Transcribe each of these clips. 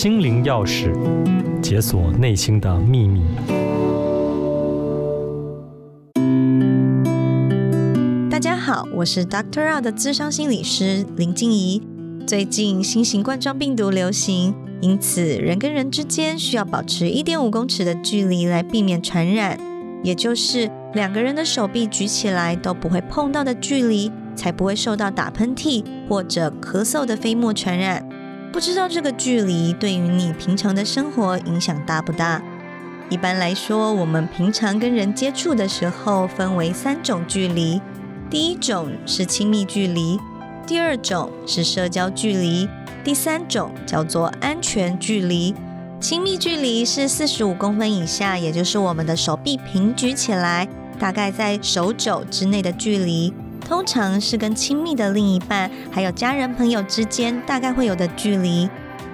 心靈鑰匙，解鎖內心的秘密。大家好，我是 Doctor R 的諮商心理師林靜怡。最近新型冠狀病毒流行，因此人跟人之間需要保持一點五公尺的距離來避免傳染，也就是兩個人的手臂舉起來都不會碰到的距離，才不會受到打噴嚏或者咳嗽的飛沫傳染。不知道這個距離對於你平常的生活影響大不大？一般來說，我們平常跟人接觸的時候分為三種距離：第一種是親密距離，第二種是社交距離，第三種叫做安全距離。親密距離是四十五公分以下，也就是我們的手臂平舉起來，大概在手肘之內的距離。通常是跟親密的另一半，還有家人、朋友之間大概會有的距離。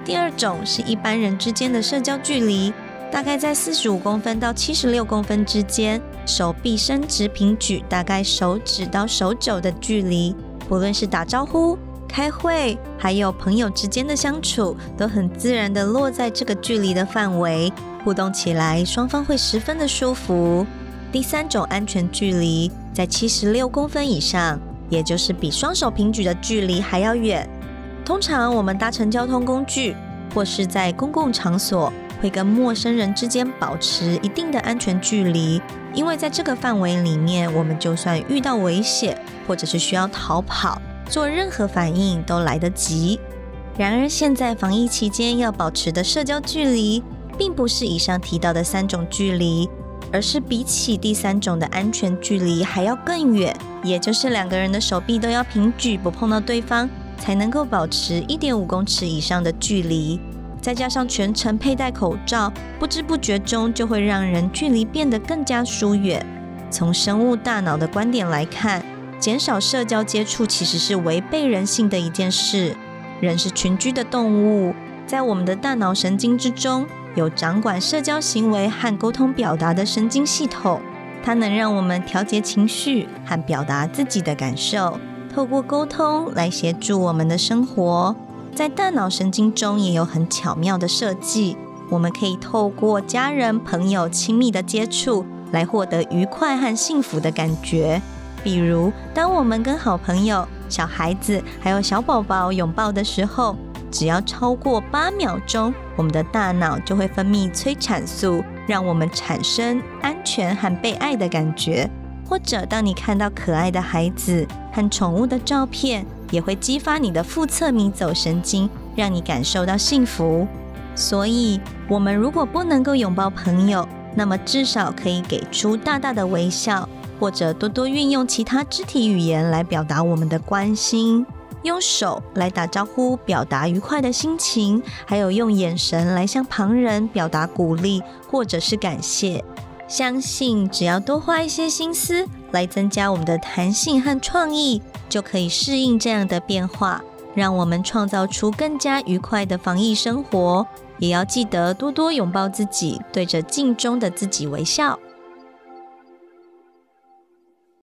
第二種是一般人之間的社交距離，大概在四十五公分到七十六公分之間，手臂伸直平舉，大概手指到手肘的距離。不論是打招呼、開會，還有朋友之間的相處，都很自然地落在這個距離的範圍，互動起來雙方會十分的舒服。第三種安全距離在七十六公分以上，也就是比雙手平舉的距離還要遠。通常我們搭乘交通工具或是在公共場所，會跟陌生人之間保持一定的安全距離，因為在這個範圍裡面，我們就算遇到危險或者是需要逃跑，做任何反應都來得及。然而現在防疫期間要保持的社交距離，並不是以上提到的三種距離。而是比起第三種的安全距離還要更遠，也就是兩個人的手臂都要平舉，不碰到對方，才能夠保持一點五公尺以上的距離。再加上全程佩戴口罩，不知不覺中就會讓人距離變得更加疏遠。從生物大腦的觀點來看，減少社交接觸其實是違背人性的一件事。人是群居的動物，在我們的大腦神經之中。有掌管社交行為和溝通表達的神經系統，它能讓我們調節情緒和表達自己的感受，透過溝通來協助我們的生活。在大腦神經中也有很巧妙的設計，我們可以透過家人、朋友親密的接觸來獲得愉快和幸福的感覺。比如，當我們跟好朋友、小孩子還有小寶寶擁抱的時候。只要超過八秒鐘，我們的大腦就會分泌催產素，讓我們產生安全和被愛的感覺。或者，當你看到可愛的孩子和寵物的照片，也會激發你的腹側迷走神經，讓你感受到幸福。所以，我們如果不能夠擁抱朋友，那麼至少可以給出大大的微笑，或者多多運用其他肢體語言來表達我們的關心。用手來打招呼，表達愉快的心情；還有用眼神來向旁人表達鼓勵或者是感謝。相信只要多花一些心思來增加我們的彈性和創意，就可以適應這樣的變化，讓我們創造出更加愉快的防疫生活。也要記得多多擁抱自己，對着鏡中的自己微笑。